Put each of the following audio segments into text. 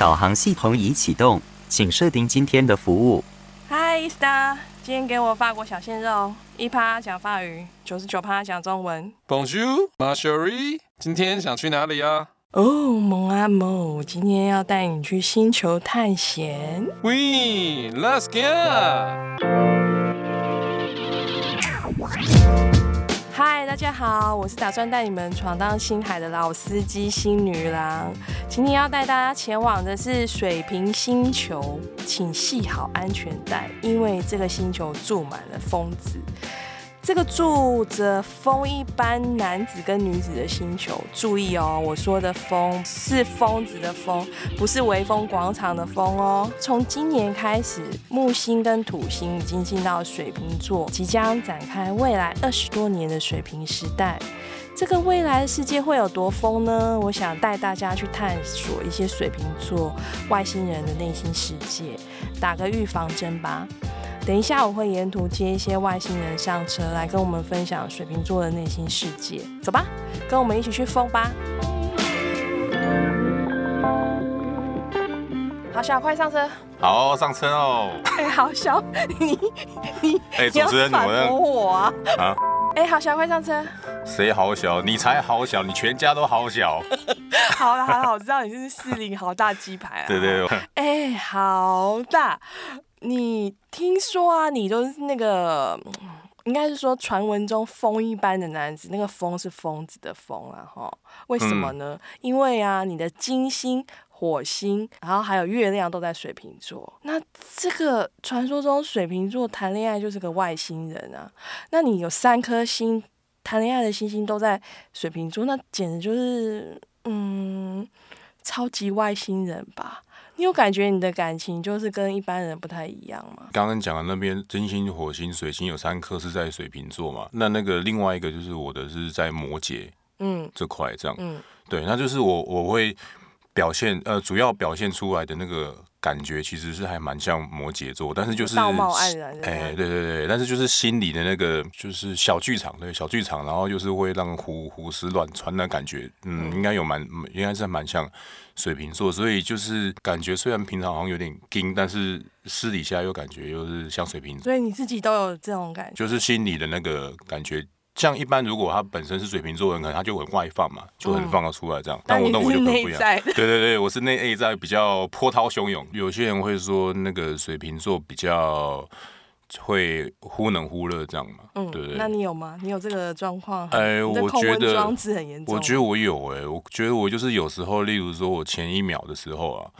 導航系統已啟動，請設定今天的服務。Hi Star，今天給我法國小鮮肉，一趴講法語，九十九趴講中文。Bonjour，ma chérie，今天想去哪裡啊？哦，蒙阿蒙，我今天要帶你去星球探險。We、oui, let's go. 大家好，我是打算帶你們闖蕩星海的老司機星女郎。今天要帶大家前往的是水瓶星球，請繫好安全帶，因為這個星球住滿了瘋子。這個住着瘋一般男子跟女子的星球，注意哦，我說的瘋是瘋子的瘋，不是微風廣場的風哦。從今年開始，木星跟土星已經進到水瓶座，即將展開未來二十多年的水瓶時代。這個未來的世界會有多瘋呢？我想帶大家去探索一些水瓶座外星人的內心世界，打個預防針吧。等一下，我會沿途接一些外星人上車，來跟我們分享水瓶座的內心世界。走吧，跟我們一起去瘋吧！好小，快上車！好，上車哦！哎、欸，好小，你你，哎、欸，主持人，你反駁我啊？啊？哎、欸，好小，快上車！誰好小？你才好小，你全家都好小。 好了好了，我知道你就是士林，好大雞排啊！對對。哎、欸，好大。你聽說啊，你就是那個，應該是說傳聞中瘋一般的男子，那個“瘋”是瘋子的“瘋”啊，哈？為什麼呢？因為啊，你的金星、火星，然後還有月亮都在水瓶座。那這個傳說中水瓶座談戀愛就是個外星人啊。那你有三顆星，談戀愛的星星都在水瓶座，那簡直就是嗯，超級外星人吧？你有感覺你的感情就是跟一般人不太一樣嗎？剛剛講的那邊，金星、火星、水星有三顆是在水瓶座嘛？那那個另外一個就是我的是在摩羯，嗯，這塊這樣，嗯，對，那就是我我會表現呃，主要表現出來的那個感覺其實是還蠻像摩羯座，但是就是道貌岸然，哎、欸，對對對，但是就是心裡的那個就是小劇場，對小劇場，然後就是會讓胡胡思亂穿的感覺，嗯，嗯應該有蠻應該是蠻像。水瓶座，所以就是感覺雖然平常好像有點硬，但是私底下又感覺又是像水瓶。所以你自己都有這種感覺，就是心裡的那個感覺。像一般如果他本身是水瓶座的人，可能他就很外放嘛，就很放得出來。這樣，嗯、但我我就不一樣。對對對，我是內在比較波濤洶湧。有些人會說那個水瓶座比較。會忽冷忽熱這樣嘛？嗯，對不對，對？那你有嗎？你有這個狀況？哎、欸，我覺得我覺得我有。哎、欸，我覺得我就是有時候，例如說我前一秒的時候啊，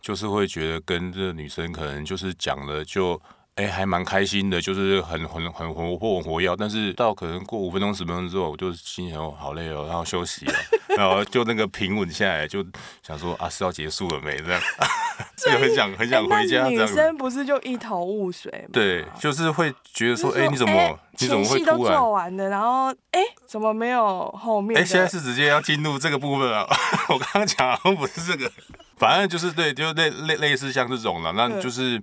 就是會覺得跟這個女生可能就是講了就。哎、欸，還蠻開心的，就是很很很活潑、很,很活躍。但是到可能過五分鐘、十分鐘之後，我就心情好累哦，然後休息， 然後就那個平穩下來，就想說：啊，是要結束了沒？這樣，所以 很想很想回家。這、欸、女生不是就一頭霧水嗎？對，就是會覺得說：哎、就是欸，你怎麼？欸、你怎麼會都做完的？然後，哎、欸，怎麼沒有後面？哎、欸，現在是直接要進入這個部分啊！ 我剛剛講不是這個， 反正就是對，就類類似像這種了、啊。那就是。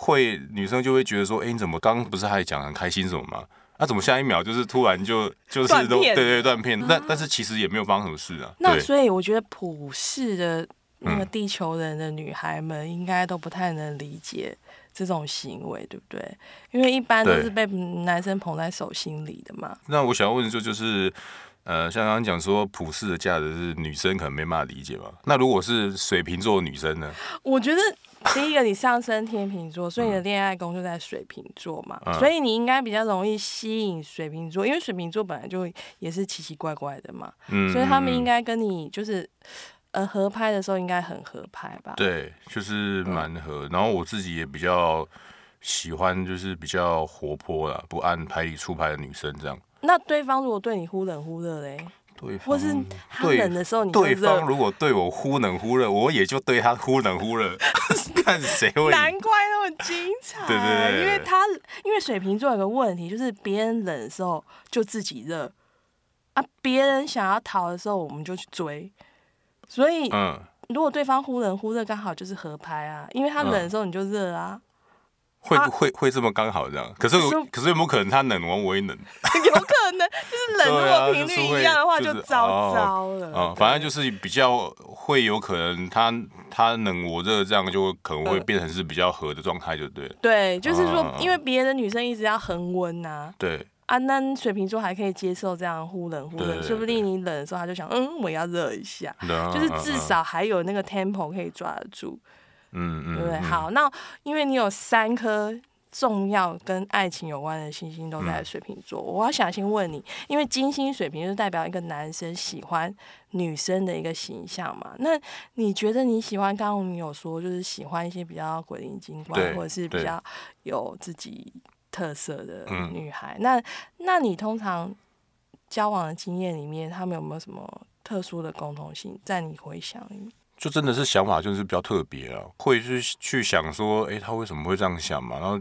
會女生就會覺得說，哎、欸，你怎麼剛剛不是還講很開心什麼嗎？那、啊、怎麼下一秒就是突然就就是都對對斷片？但、啊、但是其實也沒有發生什麼事啊。那所以我覺得普世的那個地球人的女孩們應該都不太能理解這種行為，對不對？因為一般都是被男生捧在手心裡的嘛。那我想要問說，就是呃，像剛剛講說普世的價值是女生可能沒辦法理解嘛？那如果是水瓶座的女生呢？我覺得。第一個，你上升天秤座，所以你的戀愛宮就在水瓶座嘛，嗯、所以你應該比較容易吸引水瓶座，因為水瓶座本來就也是奇奇怪怪的嘛，嗯、所以他們應該跟你就是呃合拍的時候應該很合拍吧？對，就是蠻合。然後我自己也比較喜歡就是比較活潑啦，不按牌理出牌的女生這樣。那對方如果對你忽冷忽熱嘞？或是他冷的時候你，你對，對方如果對我忽冷忽熱，我也就對他忽冷忽熱。 看誰會。難怪那麼精彩。對對對，對。因為他，因為水瓶座有個問題，就是別人冷的時候就自己熱啊。別人想要逃的時候，我們就去追。所以，嗯，如果對方忽冷忽熱，剛好就是合拍啊。因為他冷的時候，你就熱啊。嗯會不會、啊、會這麼剛好這樣？可是可是，可是有沒有可能他冷完我也冷？有可能，就是冷如果頻率一樣的話就糟糟了。啊、就是就是哦哦，反正就是比較會有可能他他冷我熱這樣，就會可能會變成是比較和的狀態，就對了。對，就是說，因為別人的女生一直要恆溫啊。對。啊，那、嗯啊嗯、水瓶座還可以接受這樣忽冷忽熱，說不定你冷的時候他就想，嗯，我要熱一下對、啊，就是至少還有那個 tempo 可以抓得住。嗯嗯，嗯對，不對，好，那因為你有三顆重要跟愛情有關的星星都在水瓶座。嗯，我要想先問你，因為金星水瓶就代表一個男生喜歡女生的一個形象嘛？那你覺得你喜歡？剛剛我們有說就是喜歡一些比較鬼靈精怪，或者是比較有自己特色的女孩。嗯、那那你通常交往的經驗裡面，他們有沒有什麼特殊的共同性？在你回想裡面？就真的是想法，就是比較特別啊，會去去想說，誒、欸，他為什麼會這樣想嘛？然後，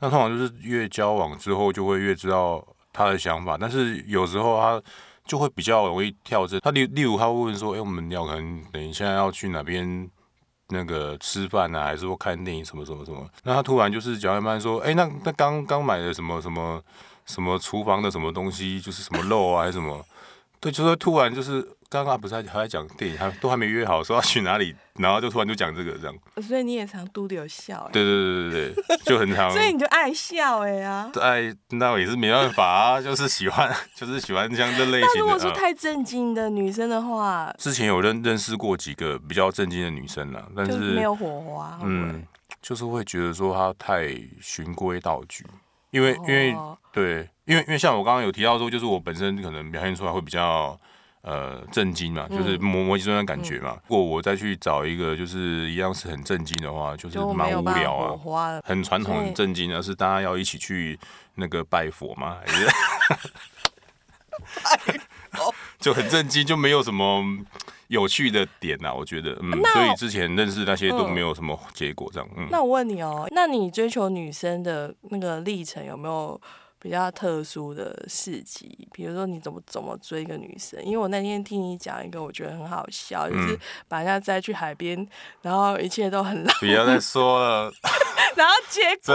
那通常就是越交往之後，就會越知道他的想法。但是有時候他就會比較容易跳針。他例例如，他會問說，誒、欸，我們要可能等一下要去哪邊那個吃飯呢，啊，還是說看電影什麼什麼什麼？那他突然就是講一半說，誒、欸，那那剛剛買的什麼什麼什麼廚房的什麼東西，就是什麼肉啊，還是什麼？ 對，就是突然就是剛剛還不是還，還在講電影，還都還沒約好說要去哪裡，然後就突然就講這個這樣。所以你也常嘟的有笑、欸。對對對對對，就很常。 所以你就愛笑哎、欸、呀、啊。對，那我也是沒辦法啊，就是喜歡，就是喜歡像這，這類型的 如果說太正經的女生的話，之前有認認識過幾個比較正經的女生呢，但是就沒有火花。嗯，就是會覺得說她太循規蹈矩。因為、oh. 因為對，因為因為像我剛剛有提到說，就是我本身可能表現出來會比較呃正經嘛、嗯，就是磨磨唧唧種的感覺嘛、嗯。如果我再去找一個就是一樣是很正經的話，就是蠻無聊啊，很傳統很正經，的是大家要一起去那個拜佛嘛， 拜佛 就很正經，就沒有什麼。有趣的點啊，我覺得，嗯，所以之前認識那些都沒有什麼結果這樣，嗯。嗯，那我問你哦、喔，那你追求女生的那個歷程有沒有比較特殊的事蹟？比如說你怎麼怎麼追一個女生？因為我那天聽你講一個，我覺得很好笑，就是把人家載去海邊，然後一切都很浪漫。不要再說了 。然後結果，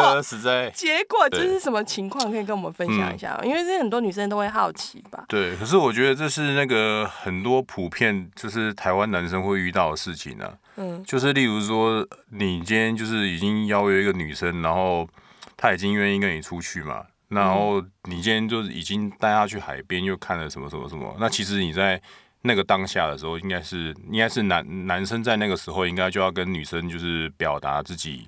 結果這是什麼情況？可以跟我們分享一下，嗯，因為這很多女生都會好奇吧？對，可是我覺得這是那個很多普遍就是台灣男生會遇到的事情啊。嗯，就是例如說，你今天就是已經邀約一個女生，然後她已經願意跟你出去嘛？然後你今天就是已經帶她去海邊，又看了什麼什麼什麼？那其實你在那個當下的時候應該是，應該是應該是男男生在那個時候，應該就要跟女生就是表達自己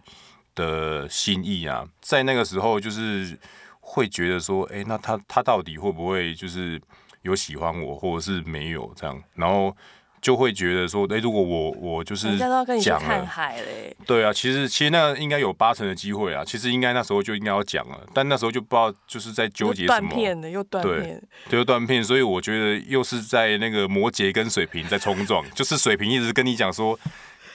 的心意啊，在那個時候就是會覺得說，哎、欸，那他他到底會不會就是有喜歡我，或者是沒有這樣？然後就會覺得說，哎、欸，如果我我就是講了，人家都要跟你去看海了耶。對啊，其實其實那應該有八成的機會啊，其實應該那時候就應該要講了，但那時候就不知道就是在糾結什麼，斷片了，對，對，又斷片，所以我覺得又是在那個摩羯跟水瓶在衝撞， 就是水瓶一直跟你講說。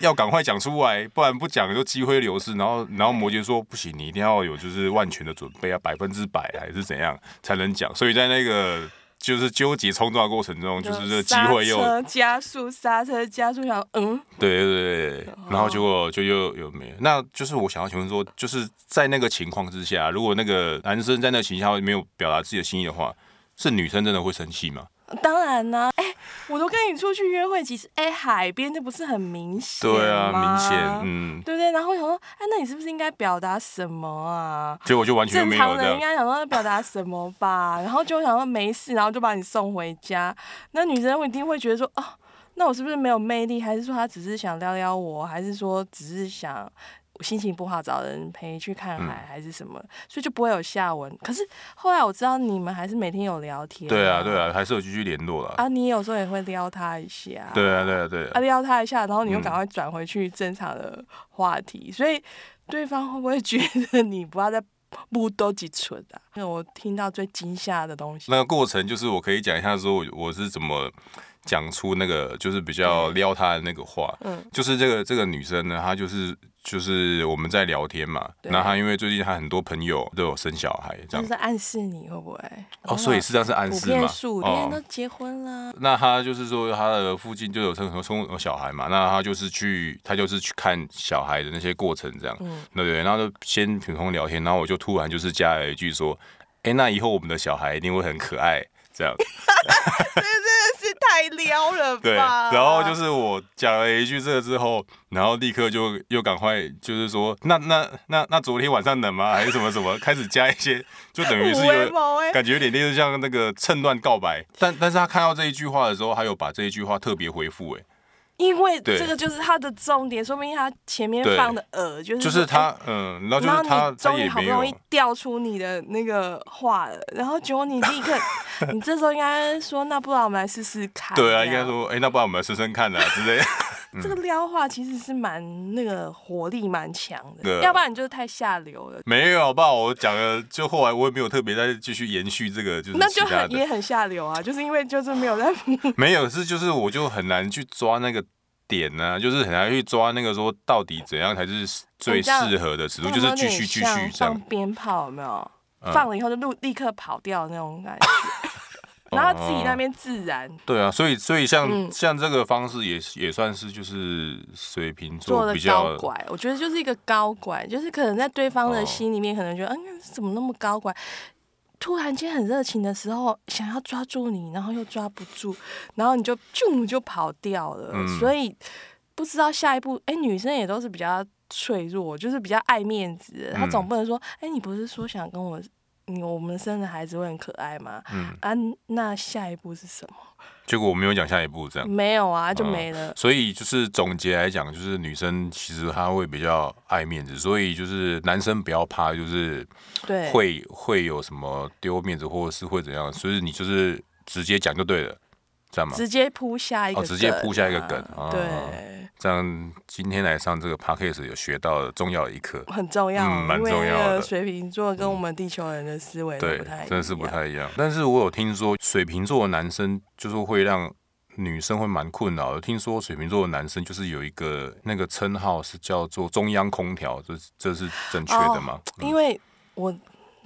要趕快講出來，不然不講就機會流失。然後，然後摩羯說：“不行，你一定要有就是萬全的準備啊，百分之百還是怎樣才能講？所以在那個就是糾結衝撞過程中，就是這個機會又加速剎車加速，然後嗯，對對對，然後結果就又又沒有。那就是我想要請問說，就是在那個情況之下，如果那個男生在那個情況下沒有表達自己的心意的話。”是女生真的會生氣嗎？當然啦、啊，哎、欸，我都跟你出去約會，其實哎、欸，海邊就不是很明顯？對啊，明顯，嗯，對不對？然後我想說，哎、啊，那你是不是應該表達什麼啊？結果就完全正常人沒有應該想到要表達什麼吧？ 然後就想說沒事，然後就把你送回家。那女生我一定會覺得說，哦、啊，那我是不是沒有魅力？還是說她只是想撩撩我？還是說只是想？心情不好，找人陪你去看海還是什麼、嗯，所以就不會有下文。可是後來我知道你們還是每天有聊天、啊，對啊對啊，還是有繼續聯絡了啊。你有時候也會撩他一下，對啊對啊對啊，啊，撩他一下，然後你又趕快轉回去正常的話題、嗯，所以對方會不會覺得你不要再不多幾存啊？因為我聽到最驚嚇的東西，那個過程就是我可以講一下，說我我是怎麼講出那個就是比較撩他的那個話，嗯，嗯就是這個這個女生呢，她就是。就是我們在聊天嘛，那他因為最近他很多朋友都有生小孩，這樣，就是在暗示你會不會？哦，所以是這樣，是暗示嘛，普遍數人、哦、都結婚了。那他就是說他的附近就有生很多生小孩嘛，那他就是去他就是去看小孩的那些過程這樣，嗯、對不對，然後就先普通聊天，然後我就突然就是加了一句說，哎，那以後我們的小孩一定會很可愛這樣。對對。太撩了吧，對！然後就是我講了一句這個之後，然後立刻就又趕快就是說，那那那那昨天晚上冷嗎？還是什麼什麼？ 開始加一些，就等於是有感覺有點類似像那個趁亂告白。 但但是他看到這一句話的時候，他有把這一句話特別回復哎、欸。因為這個就是他的重點，說明他前面放的餌、呃、就是就是他，嗯然就是他，然後你終於好不容易掉出你的那個話了，然後結果你立刻， 你這時候應該說， 那不然我們來試試看、啊，對啊，應該說，哎、欸，那不然我們來試試看啊，之類的。 嗯、這個撩話其實是蠻那個活力蠻強的，嗯，要不然你就是太下流了。沒有，爸，我講了，就後來我也沒有特別再繼續延續這個，就是那就很也很下流啊，就是因為就是沒有在。 沒有是就是我就很難去抓那個點呢，啊，就是很難去抓那個說到底怎樣才是最適合的尺度，就是繼續繼續放鞭炮有沒有？放了以後就立立刻跑掉那種感覺。嗯 然後他自己那邊自然哦哦對啊，所以所以像、嗯、像這個方式也也算是就是水瓶座比較做的高拐，我覺得就是一個高拐，就是可能在對方的心裡面可能覺得嗯怎麼那麼高拐？突然間很熱情的時候，想要抓住你，然後又抓不住，然後你就就就跑掉了、嗯，所以不知道下一步。哎，女生也都是比較脆弱，就是比較愛面子，她總不能說哎、嗯，你不是說想跟我？我們生的孩子會很可愛嗎？嗯啊，那下一步是什麼？結果我沒有講下一步，這樣沒有啊，就沒了。嗯、所以就是總結來講，就是女生其實她會比較愛面子，所以就是男生不要怕，就是會對會會有什麼丟面子或者是會怎樣，所以你就是直接講就對了。直接鋪下一個，啊哦，直接鋪下一個梗，啊啊、對。這樣今天來上這個 podcast 有學到了重要的一課，很重要，嗯，蠻重要的。水瓶座跟我們地球人的思維不、嗯、對真的是不太一樣。但是我有聽說水瓶座的男生就是會讓女生會蠻困擾的。我聽說水瓶座的男生就是有一個那個稱號是叫做中央空調，這，就是、這是正確的嗎？哦嗯、因為我。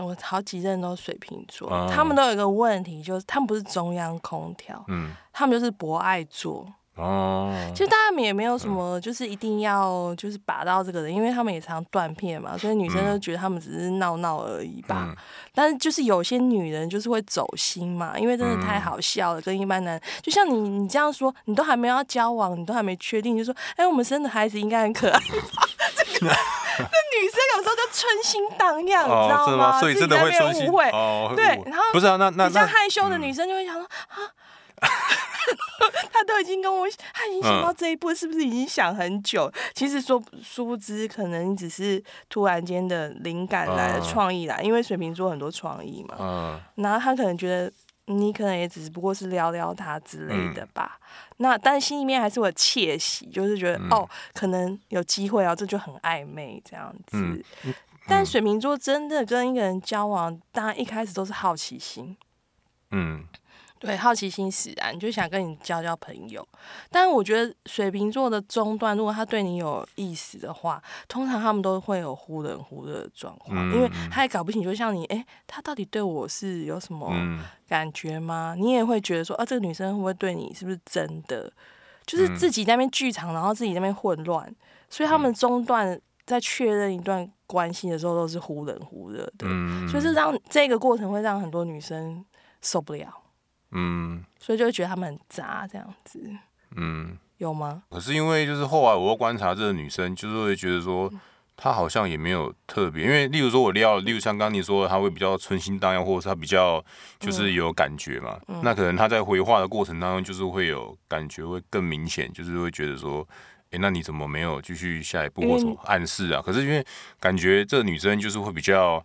我好幾任都是水瓶座、啊，他們都有一個問題，就是他們不是中央空調，嗯，他們就是博愛座哦。其實大家也沒有什麼，就是一定要就是把到這個人，因為他們也常斷片嘛，所以女生都覺得他們只是鬧鬧而已吧、嗯。但是就是有些女人就是會走心嘛，因為真的太好笑了，跟一般男人就像你，你這樣說，你都還沒要交往，你都還沒確定，就說，哎、欸，我們生的孩子應該很可愛吧。 那女生有時候就春心蕩漾，你、哦、知道嗎？所以真的會誤會、哦，對。然後不是啊，那那那比較害羞的女生就會想說，啊， 她都已經跟我，她已經想到這一步，嗯、是不是已經想很久？其實說殊不知，可能只是突然間的靈感來的創意啦、嗯，因為水瓶座很多創意嘛。嗯、然後他可能覺得。你可能也只是不過是撩撩他之類的吧，嗯、那但心裡面還是會竊喜，就是覺得、嗯、哦，可能有機會啊，這就很曖昧這樣子。嗯嗯、但水瓶座真的跟一個人交往，當然一開始都是好奇心，嗯。對，好奇心使然，就想跟你交交朋友。但是我覺得水瓶座的中段，如果他對你有意思的話，通常他們都會有忽冷忽熱的狀況，嗯，因為他也搞不清，就像你，誒，他到底對我是有什麼感覺嗎？嗯、你也會覺得說，啊，這個女生會不會對你是不是真的？就是自己在那邊劇場，然後自己那邊混亂，所以他們中段在確認一段關係的時候，都是忽冷忽熱的，就、嗯、是讓這個過程會讓很多女生受不了。嗯，所以就會覺得他們很渣這樣子。嗯，有嗎？可是因為就是後來我觀察這個女生，就是會覺得說，她好像也沒有特別，因為例如說我撩，例如像剛你說的，她會比較春心蕩漾，或者是她比較就是有感覺嘛。嗯、那可能她在回話的過程當中，就是會有感覺會更明顯，就是會覺得說，哎、欸，那你怎麼沒有繼續下一步或什麼暗示啊？可是因為感覺這個女生就是會比較。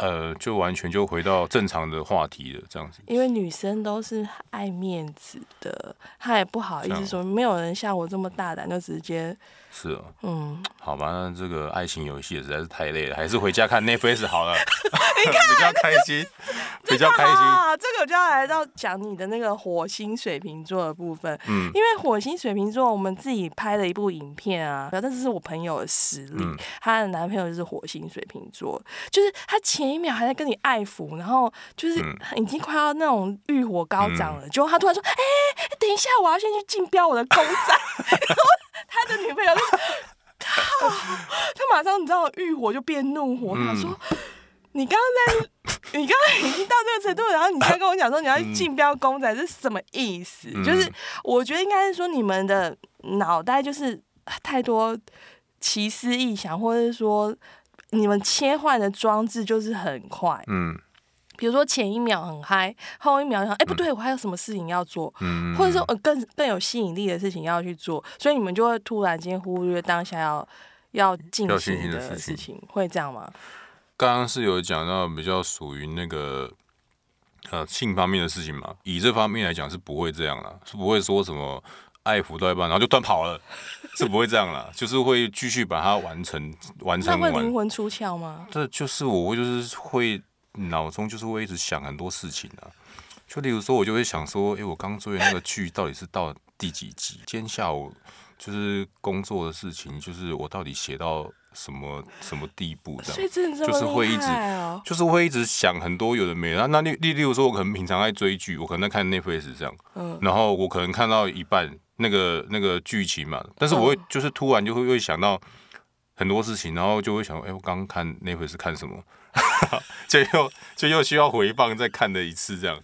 呃，就完全就回到正常的話題了，這樣子。因為女生都是愛面子的，她也不好意思說，沒有人像我這麼大膽，就直接。是哦。嗯、啊，好吧，那這個愛情遊戲也實在是太累了，還是回家看 Netflix 好了， 你看笑比較開心。 比較開心啊！這個我就要來到講你的那個火星水瓶座的部分。嗯、因為火星水瓶座，我們自己拍了一部影片啊，然後但是是我朋友的實力。她、嗯、的男朋友就是火星水瓶座，就是他前一秒還在跟你愛撫，然後就是已經快要那種慾火高漲了、嗯，結果他突然說：“哎、欸，等一下，我要先去競標我的公仔。 ”然後他的女朋友，他他馬上你知道慾火就變怒火，嗯、他說。你剛剛在， 你剛剛已經到這個程度，然後你才跟我講說你要去競標公仔是什麼意思、嗯？就是我覺得應該是說你們的腦袋就是太多奇思異想，或者是說你們切換的裝置就是很快。嗯，比如說前一秒很嗨，後一秒想，哎、欸，不對，我還有什麼事情要做？嗯或者說、呃、更更有吸引力的事情要去做，所以你們就會突然間忽略當下要要進行的事，要的事情，會這樣嗎？剛剛是有講到比較屬於那個呃性方面的事情嘛，以這方面來講是不會這樣了，是不會說什麼愛撫到一半然後就斷跑了，是不會這樣了， 就是會繼續把它完成完成完。會靈魂出竅嗎？對，就是我會就是會腦中就是會一直想很多事情啊，就例如說我就會想說，誒，我剛追的那個劇到底是到第幾集？今天下午就是工作的事情，就是我到底寫到。什麼什麼地步這樣這、哦，就是會一直，就是會一直想很多有的沒的。那例例如說，我可能平常愛追劇，我可能在看 Netflix 這樣、嗯，然後我可能看到一半，那個那個劇情嘛，但是我會、嗯、就是突然就會會想到很多事情，然後就會想，哎，我剛剛看 Netflix 看什麼？哈，就又就又需要回放再看的一次這樣，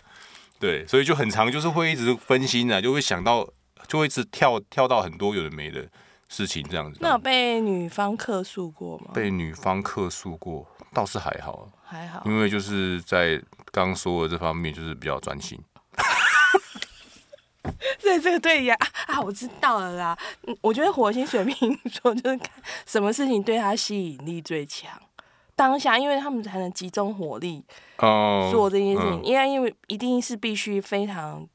對，所以就很常，就是會一直分心啊，就會想到，就會一直跳跳到很多有的沒的。事情這樣，這樣子，那有被女方客訴過嗎？被女方客訴過，倒是還好，還好，因為就是在剛說的這方面，就是比較專心。嗯、 對，這個對呀啊，啊，我知道了啦。我覺得火星水瓶座就是看什麼事情對他吸引力最強，當下因為他們才能集中火力哦做、呃、這件事情，因、嗯、為因為一定是必須非常。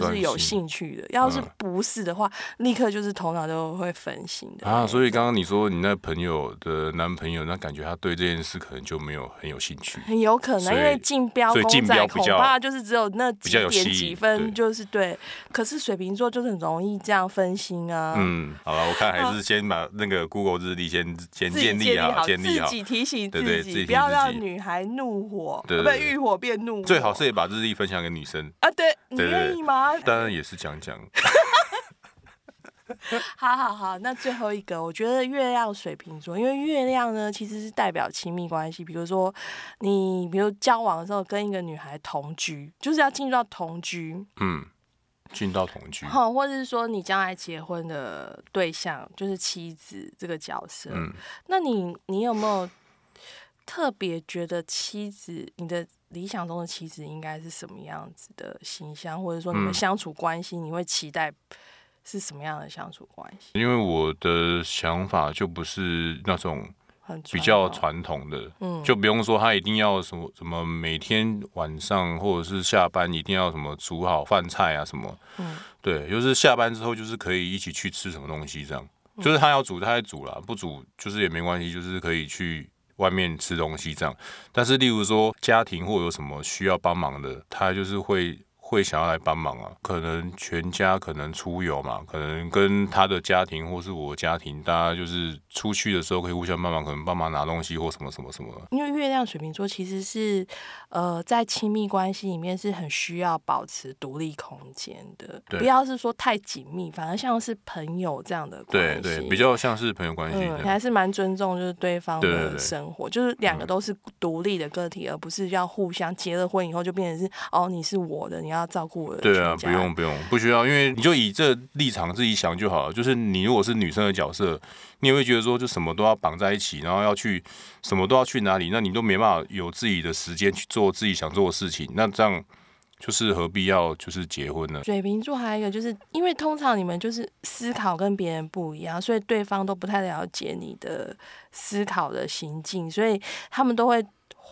就是有興趣的，要是不是的話，嗯、立刻就是頭腦都會分心的啊。所以剛剛你說你那朋友的男朋友，那感覺他對這件事可能就沒有很有興趣，很有可能，因為競標工作恐怕就是只有那幾點幾分，就是對，對。可是水瓶座就是很容易這樣分心啊。嗯，好了，我看還是先把那個 Google 日曆先、嗯、先建立啊，建立自己，自，己對對自己提醒自己，不要讓女孩怒火，對對，對，欲火變怒火。最好是也把日曆分享給女生啊。對，你願意嗎？對對當然也是講講。好好好，那最後一個，我覺得月亮水瓶座，因為月亮呢其實是代表親密關係，比如說你，比如交往的時候跟一個女孩同居，就是要進入到同居，嗯，進到同居，好，或者是說你將來結婚的對象，就是妻子這個角色，嗯、那你你有沒有特別覺得妻子你的？理想中的妻子應該是什麼樣子的形象，或者說你們相處關係，你會期待是什麼樣的相處關係？因為我的想法就不是那種比較傳統的，就不用說他一定要什麼什麼，每天晚上或者是下班一定要什麼煮好飯菜啊什麼，對，就是下班之後就是可以一起去吃什麼東西這樣，就是他要煮，他要煮了，不煮就是也沒關係，就是可以去。外面吃東西這樣，但是例如說家庭或有什麼需要幫忙的，他就是會。會想要來幫忙啊？可能全家可能出遊嘛，可能跟他的家庭或是我家庭，大家就是出去的時候可以互相幫忙，可能幫忙拿東西或什麼什麼什麼的。因為月亮水瓶座其實是呃，在親密關係裡面是很需要保持獨立空間的，對。不要是說太緊密，反而像是朋友這樣的關係。對對，比較像是朋友關係。嗯，你還是蠻尊重就是對方的生活，對對對對。就是兩個都是獨立的個體，嗯，而不是要互相結了婚以後就變成是哦，你是我的，你要。要照顧我？對啊，不用不用，不需要，因為你就以這立場自己想就好了。就是你如果是女生的角色，你也會覺得說，就什麼都要綁在一起，然後要去什麼都要去哪裡，那你都沒辦法有自己的時間去做自己想做的事情。那這樣就是何必要就是結婚呢？水瓶座還有一個就是因為通常你們就是思考跟別人不一樣，所以對方都不太了解你的思考的行徑，所以他們都會。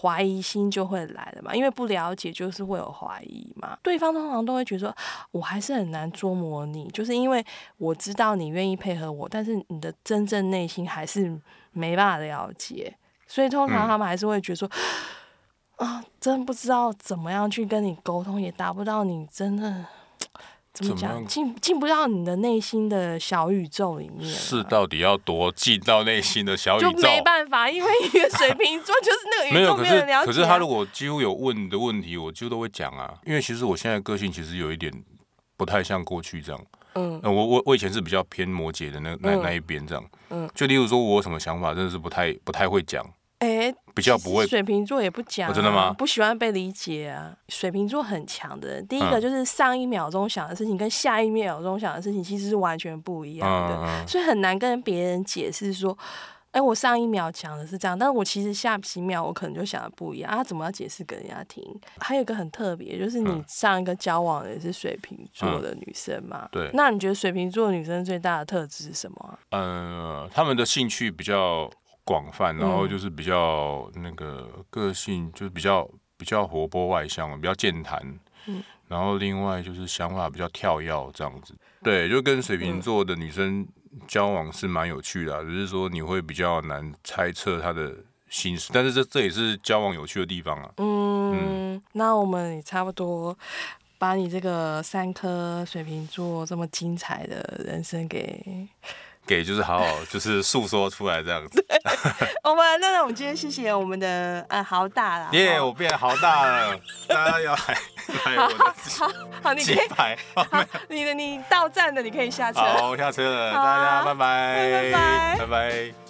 懷疑心就會來了嘛，因為不了解，就是會有懷疑嘛。對方通常都會覺得說，我還是很難捉摸，你就是因為我知道你願意配合我，但是你的真正內心還是沒辦法了解，所以通常他們還是會覺得說，嗯、啊，真不知道怎麼樣去跟你溝通，也達不到你真的。怎麼講？進進不到你的內心的小宇宙裡面。是到底要多進到內心的小宇宙？ 就沒辦法，因為一個水瓶座 就是那個宇宙沒有了解啊。沒有。可是可是他如果幾乎有問的問題，我幾乎都會講啊。因為其實我現在個性其實有一點不太像過去這樣。嗯，呃、我我我以前是比較偏摩羯的那那那一邊這樣。嗯，就例如說我有什麼想法，真的是不太不太會講。哎、欸，比較不會，水瓶座也不講、啊，真的嗎？不喜歡被理解啊！水瓶座很強的人，第一個就是上一秒鐘想的事情跟下一秒鐘想的事情其實是完全不一樣的，嗯嗯、所以很難跟別人解釋說，哎、欸，我上一秒講的是這樣，但是我其實下幾秒我可能就想的不一樣啊，怎麼要解釋給人家聽？還有一個很特別，就是你上一個交往的也是水瓶座的女生嘛、嗯，對，那你覺得水瓶座女生最大的特質是什麼、啊？嗯，他們的興趣比較。廣泛，然後就是比較那個個性，嗯、就是比較比較活潑外向，比較健談、嗯。然後另外就是想法比較跳躍，這樣子。對，就跟水瓶座的女生交往是蠻有趣的、啊，只、嗯，就是說你會比較難猜測她的心思，但是這這也是交往有趣的地方啊。嗯。嗯，那我們也差不多把你這個三顆水瓶座這麼精彩的人生給。給就是好好，就是訴說出來這樣子 我們，那那我們今天謝謝我們的呃豪、啊、大了。耶、哦，yeah, 我變豪大了，大家要來， 我的好，好好，你可以。哦、你的你到站了，你可以下車。好，我下車了，啊、大家拜拜，拜拜，拜拜。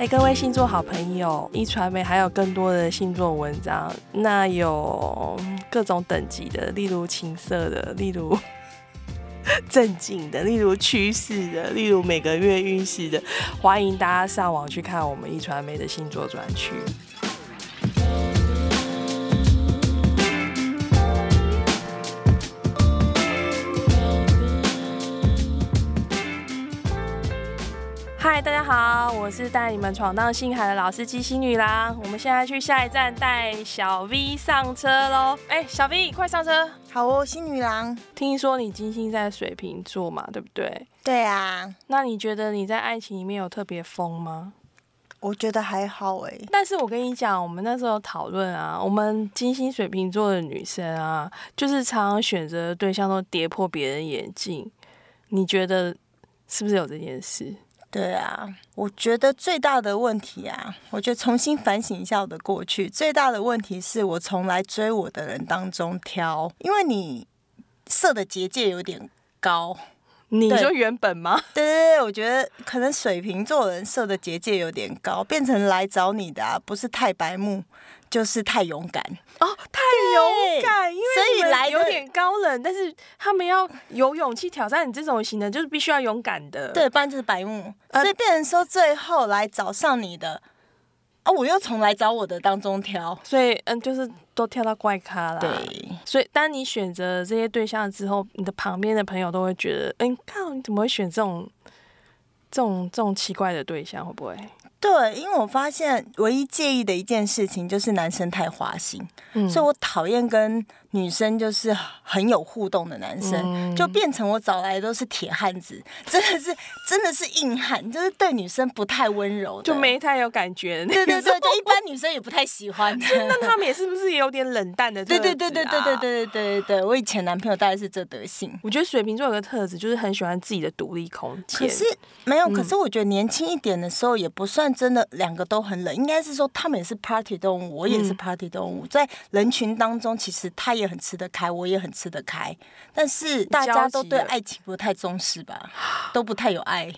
哎、欸，各位星座好朋友，一傳媒還有更多的星座文章，那有各種等級的，例如情色的，例如 正經的，例如趨勢的，例如每個月運勢的，歡迎大家上網去看我們一傳媒的星座專區。嗨，大家好，我是帶你們闖蕩星海的老司機星女郎。我們現在去下一站，帶小 V 上車嘍！哎、欸，小 V 快上車！好哦，星女郎。聽說你金星在水瓶座嘛，對不對？對啊。那你覺得你在愛情裡面有特別瘋嗎？我覺得還好哎、欸。但是我跟你講，我們那時候討論啊，我們金星水瓶座的女生啊，就是常常選擇對象都跌破別人眼鏡。你覺得是不是有這件事？對啊，我覺得最大的問題啊，我就重新反省一下我的過去。最大的問題是我從來追我的人當中挑，因為你設的結界有點高。你說原本嗎？對，對對對，我覺得可能水瓶座人設的結界有點高，變成來找你的，啊，不是太白目。就是太勇敢哦，太勇敢，因為本來有點高冷，但是他們要有勇氣挑戰你這種型的，就是必須要勇敢的，對，不然就是白目。嗯、所以變成說最後來找上你的啊、哦，我又從來找我的當中挑，所以嗯，就是都挑到怪咖了。對。所以當你選擇這些對象之後，你的旁邊的朋友都會覺得，嗯、欸，靠，你怎麼會選這種、這種、這種奇怪的對象？會不會？對，因為我發現唯一介意的一件事情就是男生太花心，嗯，所以我討厭跟女生就是很有互動的男生，嗯、就變成我找來的都是鐵漢子，真的是真的是硬漢，就是對女生不太溫柔，就沒太有感覺，對、對對對，就一般女生也不太喜歡， 那他們也是不是也有點冷淡的，啊？對對對對對對對對對對，我以前男朋友大概是這德性。我覺得水瓶座有個特質就是很喜歡自己的獨立空間，可是沒有，嗯，可是我覺得年輕一點的時候也不算。真的兩個都很冷，應該是說他們也是 party 動物，我也是 party 動物、嗯，在人群當中，其實他也很吃得開，我也很吃得開。但是大家都對愛情不太重視吧，都不太有愛，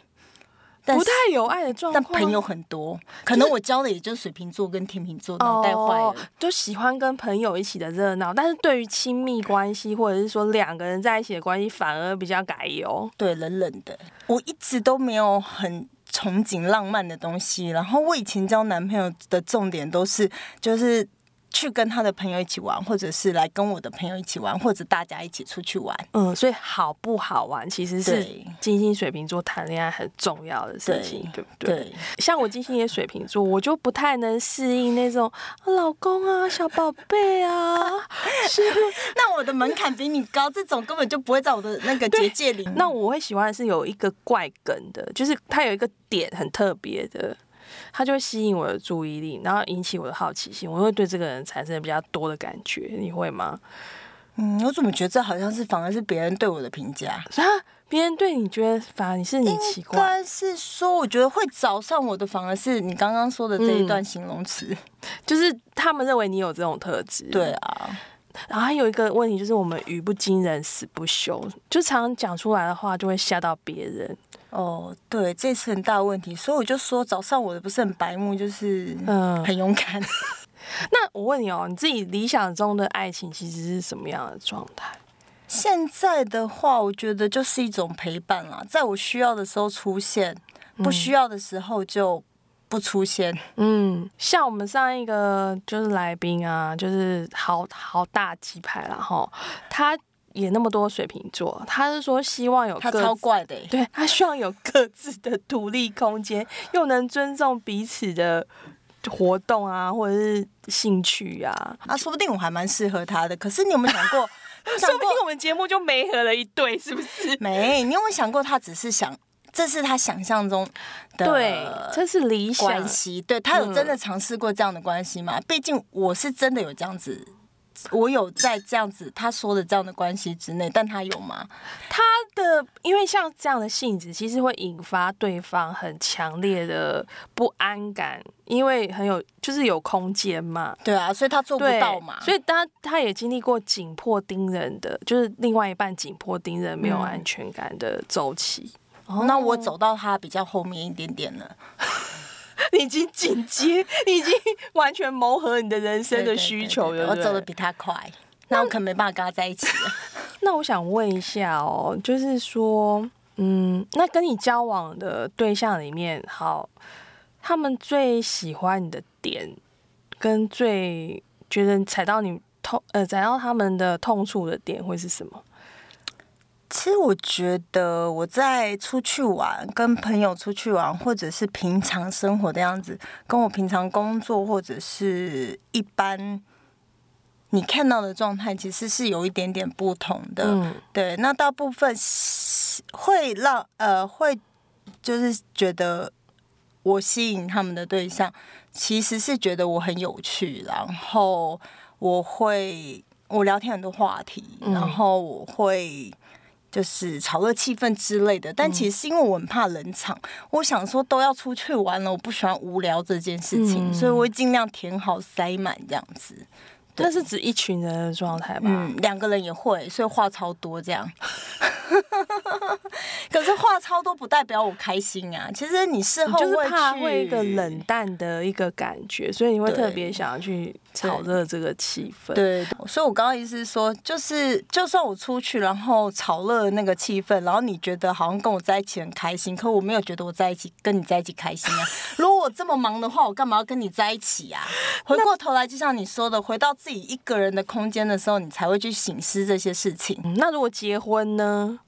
不太有愛的狀態。但朋友很多，可能我交的也就是水瓶座跟天秤座，腦袋壞了，就是，哦，就喜歡跟朋友一起的熱鬧。但是對於親密關係，okay. 或者是說兩個人在一起的關係，反而比較改喲。對，冷冷的，我一直都沒有很。憧憬浪漫的東西，然後我以前交男朋友的重點都是，就是，去跟他的朋友一起玩，或者是來跟我的朋友一起玩，或者大家一起出去玩。嗯，所以好不好玩其實是金星水瓶座談戀愛很重要的事情，對，對不對？對，像我金星也水瓶座，我就不太能適應那種、啊、老公啊、小寶貝啊。 是，那我的門檻比你高，這種根本就不會在我的那個結界裡。那我會喜歡的是有一個怪梗的，就是它有一個點很特別的。他就會吸引我的注意力，然後引起我的好奇心，我會對這個人產生比較多的感覺。你會嗎？嗯，我怎麼覺得這好像是反而是別人對我的評價啊？別人對你覺得反而是你奇怪？是說我覺得會找上我的，反而是你剛剛說的這一段形容詞。嗯，就是他們認為你有這種特質。對啊，然後還有一個問題就是我們語不驚人死不休，就常常講出來的話就會嚇到別人。哦、oh，對，這次很大的問題，所以我就說早上我的不是很白目，就是嗯，很勇敢。呃、 那我問你哦，你自己理想中的愛情其實是什麼樣的狀態？現在的話，我覺得就是一種陪伴啊，在我需要的時候出現，不需要的時候就不出現。嗯，像我們上一個就是來賓啊，就是好好大雞排了哈，他。也那麼多水瓶座，他是說希望有他超怪的，欸，對他希望有各自的獨立空間，又能尊重彼此的活動啊，或者是興趣呀、啊。啊，說不定我還蠻適合他的。可是你有沒有想過， 想過說不定我們節目就媒合了一對，是不是？沒，你有沒有想過，他只是想，這是他想象中的，對，這是理想關係。對他有真的嘗試過這樣的關係嗎？畢、嗯、竟我是真的有這樣子。我有在這樣子他說的這樣的關係之內，但他有嗎？他的因為像這樣的性質，其實會引發對方很強烈的不安感，因為很有就是有空間嘛。對啊，所以他做不到嘛。所以他他也經歷過緊迫盯人的，就是另外一半緊迫盯人沒有安全感的週期。嗯。哦。那我走到他比較後面一點點了。你已經緊接，你已經完全謀合你的人生的需求了。 我走的比他快，那，那我可能沒辦法跟他在一起了。那我想問一下哦，就是說，嗯，那跟你交往的對象裡面，好，他們最喜歡你的點，跟最覺得踩到你痛，呃，踩到他們的痛處的點會是什麼？其實我覺得我在出去玩，跟朋友出去玩，或者是平常生活的樣子，跟我平常工作或者是一般你看到的狀態，其實是有一點點不同的。嗯、對，那大部分會讓呃會就是覺得我吸引他們的對象，其實是覺得我很有趣，然後我會我聊天很多話題，然後我會。嗯就是炒熱氣氛之類的，但其實是因為我很怕冷場，嗯，我想說都要出去玩了，我不喜歡無聊這件事情，嗯、所以我會儘量填好塞滿這樣子。那是指一群人的狀態吧？嗯，兩個人也會，所以話超多這樣。 可是話超多不代表我開心啊。其實你事後會就怕會一個冷淡的一個感覺，所以你會特別想要去炒熱這個氣氛對對對。對，所以我剛剛意思是說，就是就算我出去，然後炒熱那個氣氛，然後你覺得好像跟我在一起很開心，可我沒有覺得我在一起跟你在一起開心啊。 如果我這麼忙的話，我幹嘛要跟你在一起啊？回過頭來，就像你說的，回到自己一個人的空間的時候，你才會去省思這些事情。那如果結婚呢？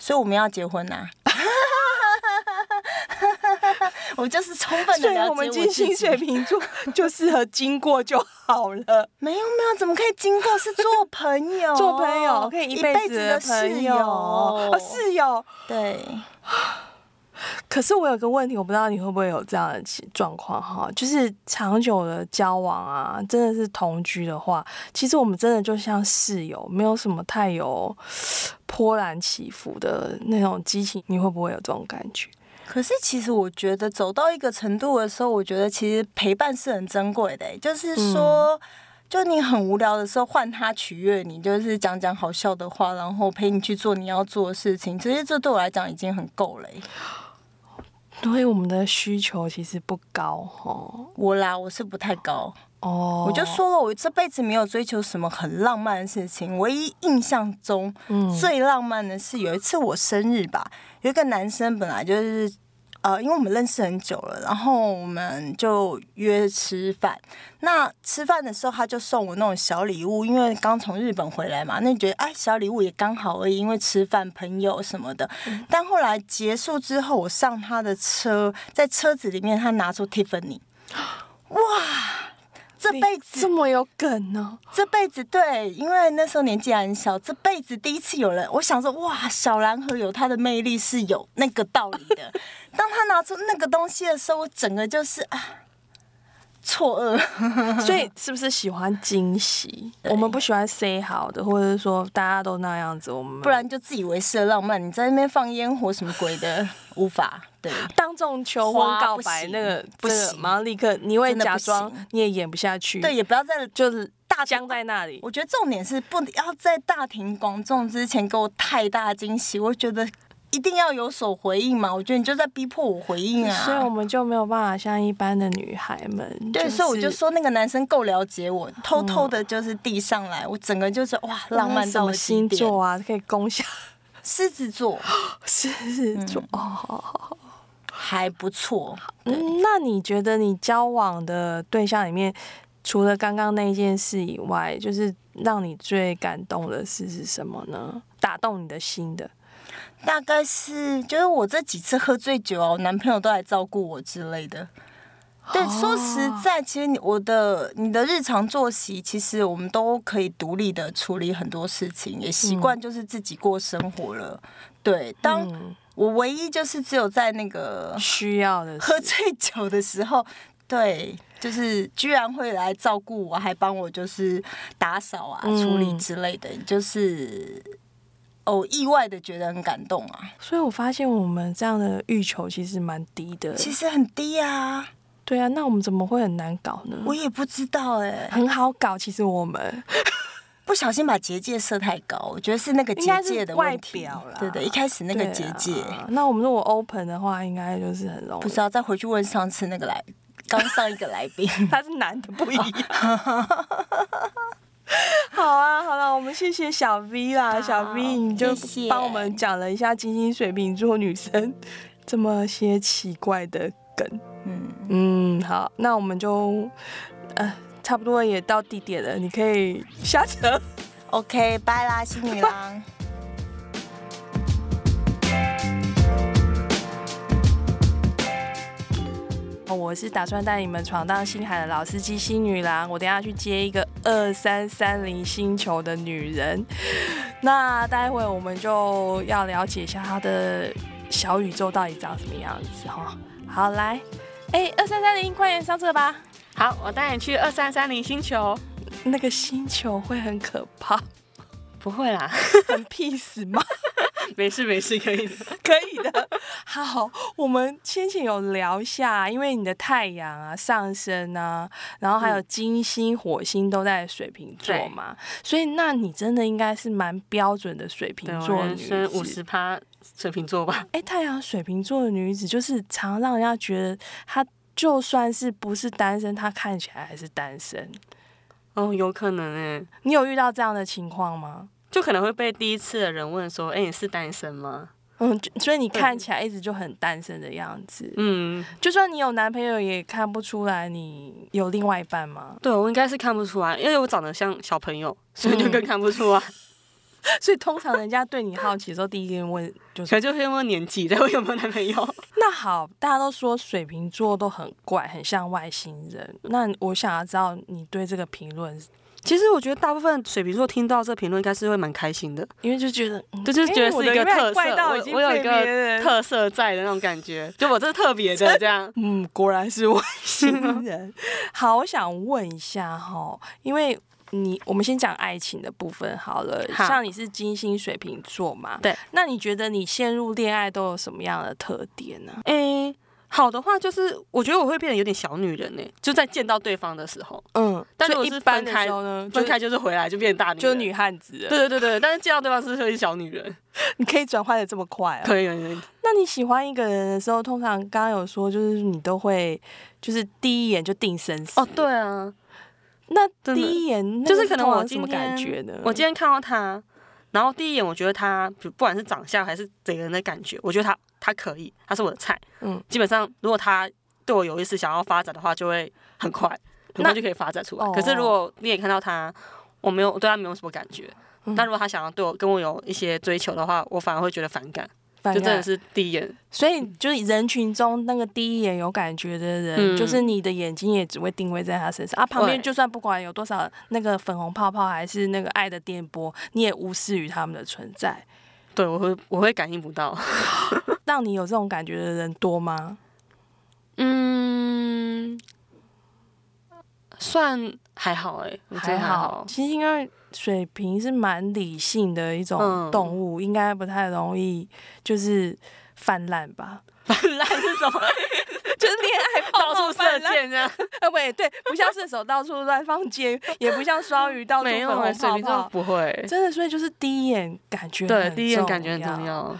所以我們要結婚吶、啊！ 我就是充分的了解我，我們金星水瓶座就適 合經過就好了。 沒有沒有，怎麼可以經過？是做朋友， 做朋友可以、okay, 一輩子的朋友， 室友對。可是我有個問題，我不知道你會不會有這樣的情狀況哈，就是長久的交往啊，真的是同居的話，其實我們真的就像室友，沒有什麼太有波瀾起伏的那種激情，你會不會有這種感覺？可是其實我覺得走到一個程度的時候，我覺得其實陪伴是很珍貴的、欸，就是說、嗯，就你很無聊的時候，換他取悅你，就是講講好笑的話，然後陪你去做你要做的事情，其實這對我來講已經很夠了、欸。對我們的需求其實不高、哦、我啦，我是不太高哦，oh. 我就說了，我這輩子沒有追求什麼很浪漫的事情，唯一印象中最浪漫的是有一次我生日吧，有一個男生本來就是。呃，因為我們認識很久了，然後我們就約吃飯。那吃飯的時候，他就送我那種小禮物，因為剛從日本回來嘛，那你覺得哎，小禮物也剛好而已。因為吃飯，朋友什麼的。嗯。但後來結束之後，我上他的車，在車子裡面，他拿出 Tiffany，哇！這輩子這麼有梗呢、哦！這輩子對，因為那時候年紀還很小，這輩子第一次有人，我想說哇，小藍盒有它的魅力是有那個道理的。 當他拿出那個東西的時候，我整個就是啊。錯愕， 所以是不是喜歡驚喜？我們不喜歡 say 好的，或者是說大家都那樣子，我們不然就自以為是的浪漫。你在那邊放煙火什麼鬼的， 無法對當眾求婚告白那個不是、這個、馬上立刻你會假裝你也演不下去，對，也不要在就是大僵在那裡。我覺得重點是不要在大庭廣眾之前給我太大驚喜，我覺得。一定要有所回應嘛？我覺得你就在逼迫我回應啊！所以我們就沒有辦法像一般的女孩們。對，就是、所以我就說那個男生夠了解我，偷偷的就是遞上來，嗯、我整個就是哇，浪漫到心底。那什麼星座啊，可以攻下獅子座， 獅子座哦、嗯，還不錯。那你覺得你交往的對象裡面，除了剛剛那件事以外，就是讓你最感動的事是什麼呢？打動你的心的。大概是，就是我這幾次喝醉酒哦、啊，男朋友都來照顧我之類的。對，oh. 說實在，其實你我的你的日常作息，其實我們都可以獨立的處理很多事情，也習慣就是自己過生活了、嗯。對，當我唯一就是只有在那個需要的喝醉酒的時候，對，就是居然會來照顧我，還幫我就是打掃啊、嗯、處理之類的，就是。哦，意外的覺得很感動啊！所以我發現我們這樣的欲求其實蠻低的，其實很低啊，對啊，那我們怎麼會很難搞呢？我也不知道哎、欸，很好搞，其實我們 不小心把結界設太高，我覺得是那個結界的問題外表了，對，對對，一開始那個結界，啊、那我們如果 open 的話，應該就是很容易。不知道，再回去問上次那個來剛上一個來賓， 他是男的不一樣。 好啊，好了，啊，我們謝謝小 V 啦，小 V 你就幫我們講了一下金星水瓶座女生這麼些奇怪的梗。嗯嗯，好，那我們就呃差不多也到地點了，你可以下車。OK，拜啦，星女郎。Bye. 我是打算帶你們闖蕩星海的老司機星女郎，我等下去接一個。二三三零星球的女人，那待會我們就要了解一下她的小宇宙到底長什麼樣子哈。好，來，哎，二三三零，快點上車吧。好，我帶你去二三三零星球，那個星球會很可怕。不會啦，很 peace 嗎？ 沒事沒事，可以的，可以的。好，我們先前有聊一下，因為你的太陽啊、上升啊，然後還有金星、嗯、火星都在水瓶座嘛，所以那你真的應該是蠻標準的水瓶座女生，五十趴水瓶座吧？哎、欸，太陽水瓶座的女子就是常,常讓人家覺得，她就算是不是單身，她看起來還是單身。哦，有可能欸，你有遇到這樣的情況嗎？就可能會被第一次的人問說：“哎，你是單身嗎？”嗯，所以你看起來一直就很單身的樣子。嗯，就算你有男朋友，也看不出來你有另外一半嗎？對，我應該是看不出來，因為我長得像小朋友，所以就更看不出啊。嗯 所以通常人家對你好奇的時候，第一件問就是，可能就是因為年紀，再問我有沒有男朋友。那好，大家都說水瓶座都很怪，很像外星人。那我想要知道你對這個評論，其實我覺得大部分水瓶座聽到這評論，應該是會蠻開心的，因為就覺得，嗯、就是覺得是一個特色我，我有一個特色在的那種感覺，就我這是特別的這樣。嗯，果然是外星人。好，我想問一下哈，因為。你，我們先講愛情的部分好了，像你是金星水瓶座嘛？對。那你覺得你陷入戀愛都有什麼樣的特點呢？欸，好的話就是，我覺得我會變得有點小女人呢，就在見到對方的時候。嗯。但如果是分開，就一般的時候呢？分開就是回來就變大女，就女漢子。對對對對，但是見到對方是就是小女人。 你可以轉換的這麼快啊？可以可以。那你喜歡一個人的時候，通常剛剛有說，就是你都會就是第一眼就定生死。哦，對啊。那第一眼就是可能我什麼感覺呢？我今天看到他，然後第一眼我覺得他，不管是長相還是整個人的感覺，我覺得他他可以，他是我的菜。嗯，基本上如果他對我有意思想要發展的話，就會很快很快就可以發展出來。可是如果你也看到他，我沒有我對他沒有什麼感覺，但、嗯、如果他想要對我跟我有一些追求的話，我反而會覺得反感。反正是，是第一眼，所以就是人群中那個第一眼有感覺的人，嗯，就是你的眼睛也只會定位在他身上啊。旁邊就算不管有多少那個粉紅泡泡，還是那個愛的電波，你也無視於他們的存在。對，我會，我會感應不到。 讓你有這種感覺的人多嗎？嗯，算還好哎，欸，還好，其實應該。水瓶是蠻理性的一種動物，嗯、應該不太容易、嗯、就是泛濫吧？泛濫是什麼？ 就是戀愛到處射箭 這樣？會、欸、對，不像射手到處亂放箭， 也不像雙魚到處泡泡。沒有，水瓶真的不會，真的。所以就是第一眼感覺，對，第一眼感覺很重要。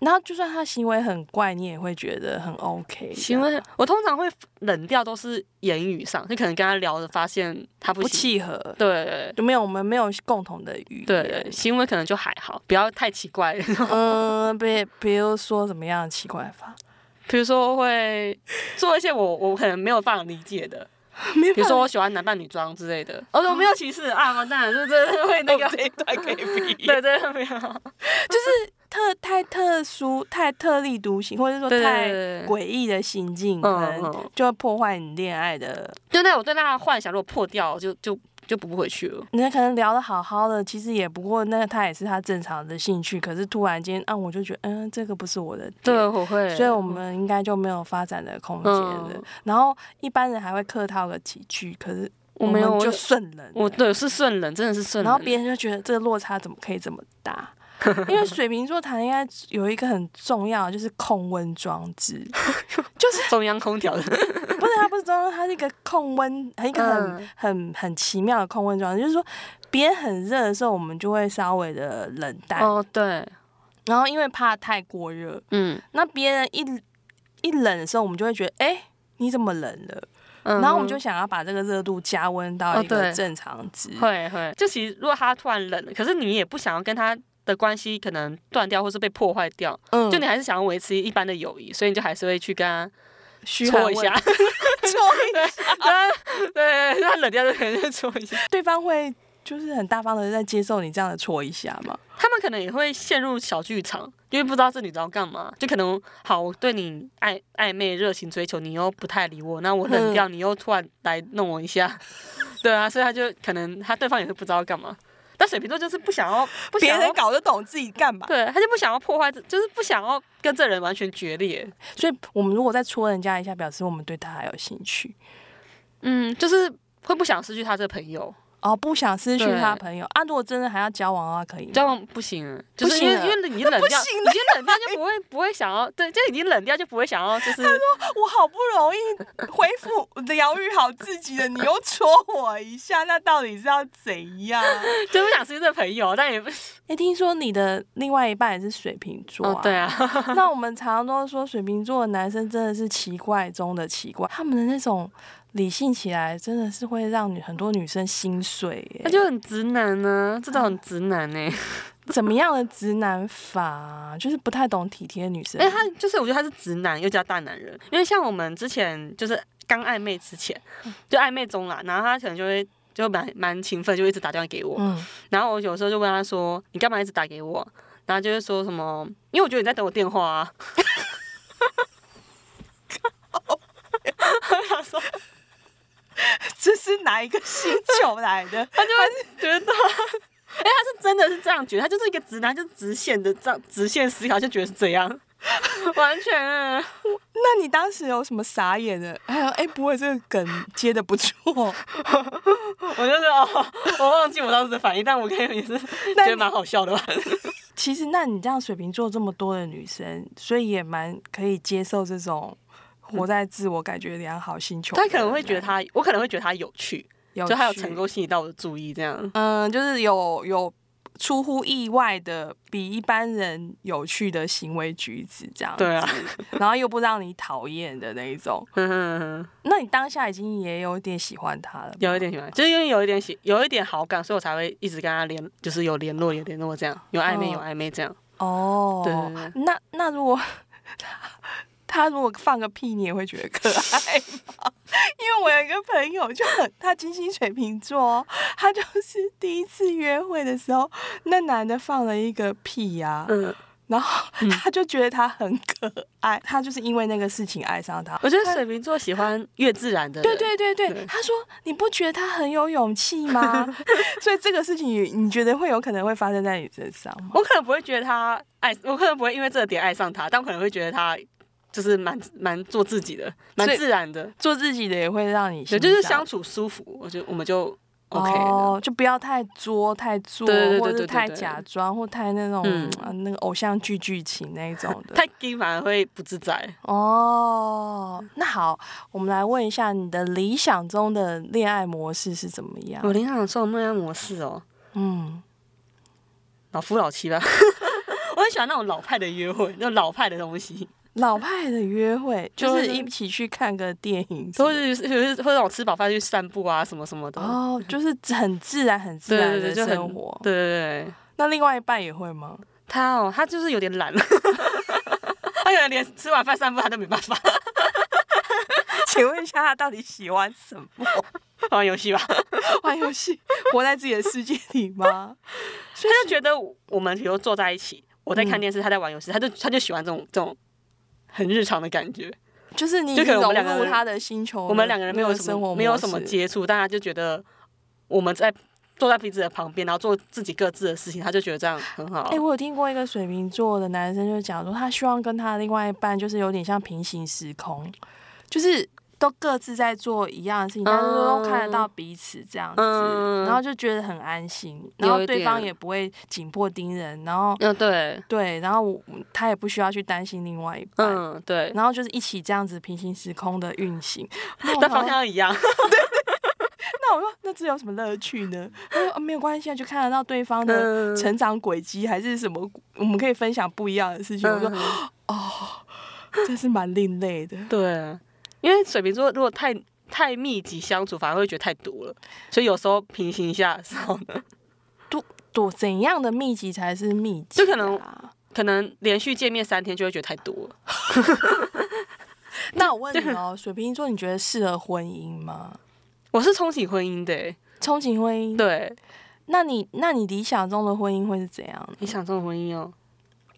然後就算他行為很怪，你也會覺得很 OK。行為我通常會冷掉，都是言語上，就可能跟他聊着，發現他不契合，合，對，就沒有我們沒有共同的語言。對，行為可能就還好，不要太奇怪。嗯，比比如說什麼樣的奇怪法？ 比如說會做一些我我可能沒有辦法， 沒辦法理解的，比如說我喜歡男扮女裝之類的，我說我沒有歧視、嗯、啊，我當然是真的是那個可以 對比，對對沒有， 就是。特太特殊，太特立獨行，或者說太詭異的行徑。對對對對，可能就會破壞你戀愛的。就那對，的，我對他的幻想，如果破掉，就就就不回去了。你可能聊得好好的，其實也不過，那他也是他正常的興趣。可是突然間，啊，我就覺得，嗯，這個不是我的。對，我會。所以，我們應該就沒有發展的空間了，嗯。然後，一般人還會客套個幾句，可是我們就順人。我，我，我對是順人，真的是順人。然後別人就覺得這個落差怎麼可以這麼大？ 因為水瓶座談戀愛有一個很重要的，就是控溫裝置，就是 中央空調的。 不是，它不是中央，它是一個控溫，一個很、嗯、很很奇妙的控溫裝置。就是說，別人很熱的時候，我們就會稍微的冷淡。哦，對。然後因為怕太過熱，嗯，那別人一一冷的時候，我們就會覺得，哎、欸，你怎麼冷了、嗯？然後我們就想要把這個熱度加溫到一個正常值。會、哦、會，就其實如果他突然冷了，可是你也不想要跟他。的關係可能斷掉或是被破壞掉。嗯，就你還是想要維持一般的友誼，所以你就還是會去跟他戳一下，戳 一下， 對，那、啊、冷 對對對掉就可能就戳一下。對方會就是很大方的在接受你這樣的戳一下嘛。他們可能也會陷入小劇場，因為不知道這女的要幹嘛，就可能好我對你曖昧曖昧熱情追求，你又不太理我，那我冷掉、嗯，你又突然來弄我一下，對啊，所以他就可能他對方也是不知道幹嘛。但水瓶座就是不想要，不想要別人搞得懂自己幹嘛，對，他就不想要破壞，就是不想要跟這人完全決裂。所以我們如果再戳人家一下，表示我們對他還有興趣。嗯，就是會不想失去他這個朋友。哦，不想失去他朋友啊！如果真的還要交往的話，可以交往不行，就是因為因為你已經冷掉，不行，你冷掉就不會不會想要，對，就已經冷掉就不會想要就是。他說我好不容易恢復療癒好自己了，你又戳我一下，那到底是要怎樣？ 就不想失去這朋友，但也不行。哎、欸，聽說你的另外一半也是水瓶座啊？呃、對啊。 那我們常常都說水瓶座的男生真的是奇怪中的奇怪，他們的那種。理性起來真的是會讓女很多女生心碎。欸，那、啊、就很直男呢、啊，這種很直男呢、欸， 怎麼樣的直男法？啊，就是不太懂體貼的女生。哎、欸，他就是我覺得他是直男又加大男人，因為像我們之前就是剛曖昧之前，就曖昧中啦，然後他可能就會就蠻蠻勤奮，就一直打電話給我，嗯、然後我有時候就問他說：“你幹嘛一直打給我？”然後就會說什麼：“因為我覺得你在等我電話。”啊。 哦’說。 這是哪一個星球來的？ 他就會覺得，哎、 欸，他是真的是這樣覺得，他就是一個直男，就直線的這樣直線思考，就覺得是這樣， 完全、啊。那你當時有什麼傻眼的？哎呀，哎、欸，不會這個梗接的不錯， 我就說、是哦、我忘記我當時的反應，但我感覺也是覺得蠻好笑的吧。 其實，那你這樣水瓶座這麼多的女生，所以也蠻可以接受這種。活在自我感覺良好星球。他可能會覺得他，我可能會覺得他有趣，有趣就他有成功吸引到我的注意，這樣。嗯，就是有有出乎意外的比一般人有趣的行為舉止，這樣。對啊。然後又不讓你討厭的那一種。 那你當下已經也有一點喜歡他了。有一點喜歡，就是因為有一點喜，有一點好感，所以我才會一直跟他聯，就是有聯絡，oh. 有聯絡這樣，有曖昧，oh. 有曖昧這樣。哦、oh.。對。那那如果。 他如果放個屁，你也會覺得可愛嗎？ 因為我有一個朋友，就很他金星水瓶座，他就是第一次約會的時候，那男的放了一個屁呀、啊，嗯，然後他就覺得他很可愛、嗯，他就是因為那個事情愛上他。我覺得水瓶座喜歡越自然的，對對對對，對。他說：“你不覺得他很有勇氣嗎？” 所以這個事情，你覺得會有可能會發生在你身上嗎？我可能不會覺得他愛，我可能不會因為這個點愛上他，但我可能會覺得他。就是蠻蠻做自己的，蠻自然的。做自己的也會讓你，對，就是相處舒服。我覺得我們就 OK，、哦、就不要太作太作，或者太假裝，或太那種、嗯啊、那個偶像劇劇情那一種的。太 gay 反而會不自在。哦，那好，我們來問一下你的理想中的戀愛模式是怎麼樣？我理想中的戀愛模式哦，嗯，老夫老妻吧。 我很喜歡那種老派的約會，那種老派的東西。老派的約會就是一起去看個電影，或者是或者我吃飽飯去散步啊什麼什麼的。哦、oh,，就是很自然、很自然的生活對對對。對對對，那另外一半也會嗎？他哦，他就是有點懶了 他可能連吃晚飯散步他都沒辦法。 請問一下，他到底喜歡什麼？玩遊戲吧，玩遊戲，活在自己的世界裡嗎？所以他就覺得我們比如坐在一起，我在看電視，他在玩遊戲，他就他就喜歡這種這種。很日常的感覺，就是你融入他的星球的我。我們兩個人沒有什麼、沒有什麼接觸，但他就覺得我們在坐在彼此的旁邊，然後做自己各自的事情，他就覺得這樣很好。哎、欸，我有聽過一個水瓶座的男生，就講說他希望跟他另外一半就是有點像平行時空，就是。都各自在做一樣的事情、嗯，但是都看得到彼此這樣子，嗯、然後就覺得很安心，然後對方也不會緊迫盯人，然後、嗯、對對，然後他也不需要去擔心另外一半、嗯，對，然後就是一起這樣子平行時空的運行，嗯行運行嗯、我但方向一樣。 對對 那我說，那這有什麼樂趣呢？他 說、啊、沒有關係啊，就看得到對方的成長軌跡，還是什麼，我們可以分享不一樣的事情。嗯、我說、嗯、哦，這是蠻另類的， 對、啊。因為水瓶座如果太太密集相處，反而會覺得太堵了，所以有時候平行一下的時候呢，多多怎樣的密集才是密集、啊？就可能可能連續見面三天就會覺得太堵了、 欸。那我問你哦、喔，水瓶座，你覺得適合婚姻嗎？我是憧憬婚姻的、欸，憧憬婚姻。對，那你那你理想中的婚姻會是怎樣的？理想中的婚姻哦、喔，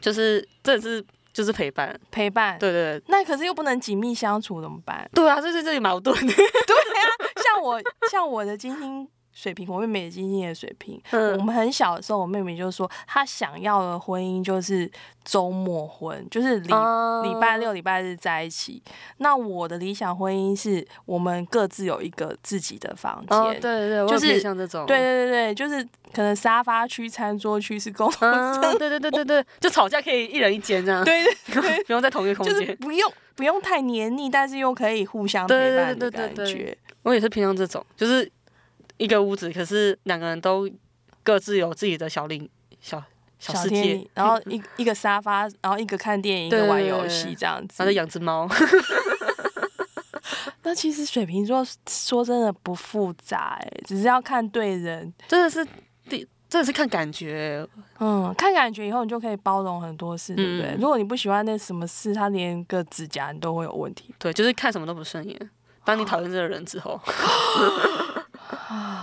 就是這是。就是陪伴，陪伴，對對對，那可是又不能緊密相處，怎麼辦？對啊，就是這裡矛盾。 對啊，像我， 像我的金星。水瓶，我妹妹金星也的水瓶、嗯。我們很小的時候，我妹妹就說，她想要的婚姻就是周末婚，就是禮禮、嗯、拜六、禮拜日在一起。那我的理想婚姻是我們各自有一個自己的房間、哦，對對對，就是像這種，對對對，就是可能沙發區、餐桌區是公共同、嗯，對對對對對、喔，就吵架可以一人一間這樣，對對，對， 對對對就是、不用在同一空間，不用不用太黏膩，但是又可以互相陪伴的感覺。對對對對對對對我也是偏向這種，就是。一個屋子，可是兩個人都各自有自己的小零小小世界。然後一 一個沙發，然後一個看電影，一個玩遊戲這樣子。他在養只貓。 那其實水瓶座說，說真的不複雜，哎，只是要看對人，真的是對，真的是看感覺。嗯，看感覺以後你就可以包容很多事、嗯，對不對？如果你不喜歡那什麼事，他連個指甲你都會有問題。對，就是看什麼都不順眼。當你討厭這個人之後。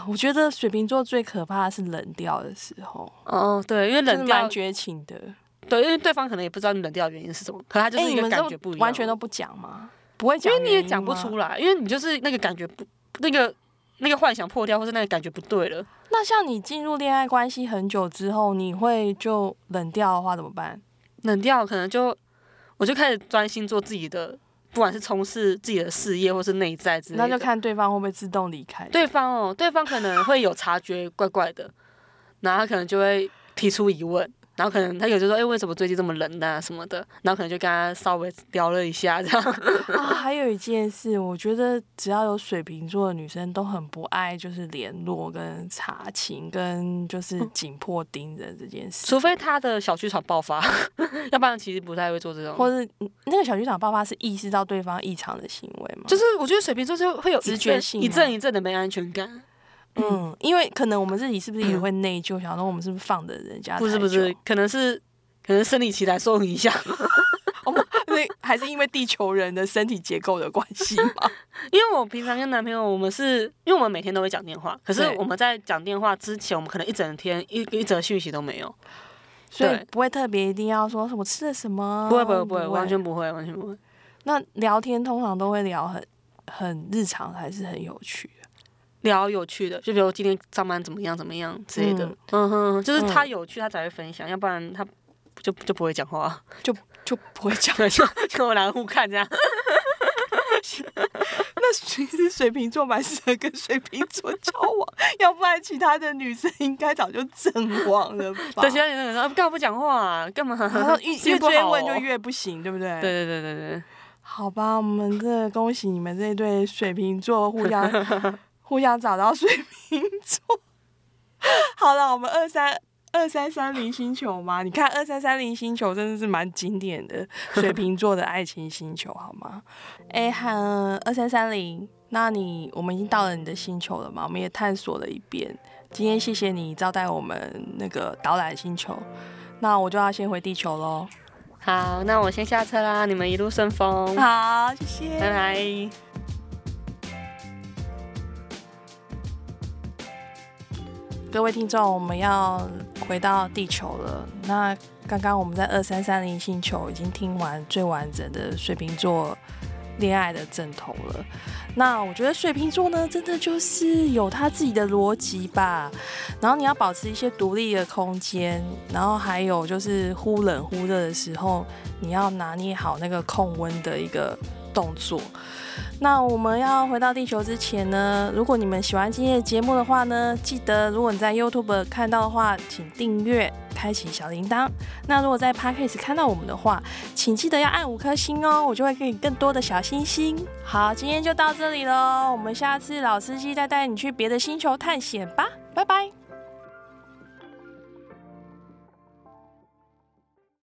我覺得水瓶座最可怕的是冷掉的時候。哦，對，因為冷掉、就是、蠻絕情的。對，因為對方可能也不知道你冷掉的原因是什麼，可他就是一個感覺不一樣、欸、完全都不講嘛，不會講因，因為你也講不出來，因為你就是那個感覺不那個那個幻想破掉，或是那個感覺不對了。那像你進入戀愛關係很久之後，你會就冷掉的話怎麼辦？冷掉可能就我就開始專心做自己的。不管是從事自己的事業，或是內在之類，那就看對方會不會自動離開對方哦。對方可能會有察覺，怪怪的，然後他可能就會提出疑問。然後可能他有時候說，哎、欸，為什麼最近這麼冷啊？什麼的，然後可能就跟他稍微聊了一下這樣。啊，還有一件事，我覺得只要有水瓶座的女生，都很不愛就是聯絡、跟查勤、跟就是緊迫盯着這件事。除非他的小劇場爆發，要不然其實不太會做這種。或者那個小劇場爆發是意識到對方異常的行為嗎？就是我覺得水瓶座就會有直覺、直覺性，一陣一陣的沒安全感。嗯，因為可能我們自己是不是也會內疚、嗯，想說我們是不是放着人家？不是不是，可能是可能生理期來受影響。 我們，那還是因為地球人的身體結構的關係吧。 因為我平常跟男朋友，我們是因為我們每天都會講電話，可是我們在講電話之前，我們可能一整天一一則訊息都沒有對，所以不會特別一定要說什麼吃了什麼，不會不會不會，不會完全不會完全不會。那聊天通常都會聊很很日常，還是很有趣聊有趣的，就比如今天上班怎麼樣怎麼樣之類的，嗯哼，就是他有趣，他才會分享，嗯、要不然他就就不會講話，就就不會講，了。 就跟我兩個互看這樣。 那其實水瓶座蠻適合跟水瓶座交往， 要不然其他的女生應該早就陣亡了吧？對，其他女生，幹、啊、嘛不講話、啊？幹嘛？然後越追問就越不行、哦， 對不對？對對對對對。好吧，我們這恭喜你們這一對水瓶座互相。 互相找到水瓶座， 好了，我們二三二三三零星球嘛？ 你看二三三零星球真的是蠻經典的水瓶座的愛情星球，好嗎？哎哈，二三三零，那你我們已經到了你的星球了嘛？我們也探索了一遍，今天謝謝你招待我們那個導覽星球，那我就要先回地球嘍。好，那我先下車啦，你們一路順風。好，謝謝，拜拜。各位聽眾，我們要回到地球了。那剛剛我們在二三三零星球已經聽完最完整的水瓶座戀愛的症頭了。那我覺得水瓶座呢，真的就是有他自己的邏輯吧？然後你要保持一些獨立的空間，然後還有就是忽冷忽熱的時候，你要拿捏好那個控溫的一個動作。那我們要回到地球之前呢，如果你們喜歡今天的節目的話呢，記得如果你在 YouTube 看到的話，請訂閱，開啟小鈴鐺。那如果在 Podcast 看到我們的話，請記得要按五顆星哦，我就會給你更多的小心心。好，今天就到這裡嘍，我們下次老司機再帶帶你去別的星球探險吧，拜拜。